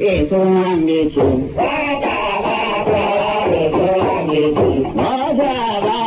ake tsohon da ke. Wata ba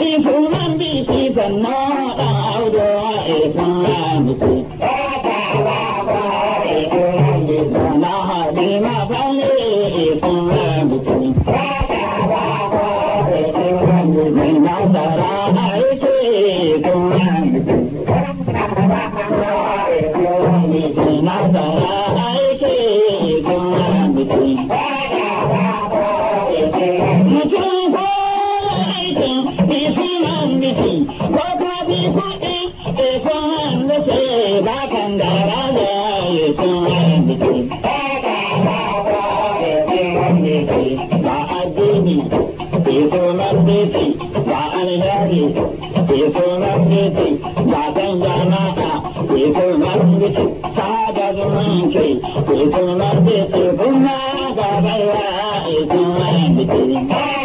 isu man bi ki sanna da audo islam ku na hadi ma bale islam ku na dara aike islam ku na dara aike islam ku titi ba alhaji ku yi tsoron titi ba kan jamata ku yi titi ta da zumunci ku yi tsoron titi kuma ga baiwa a yi tsoron titi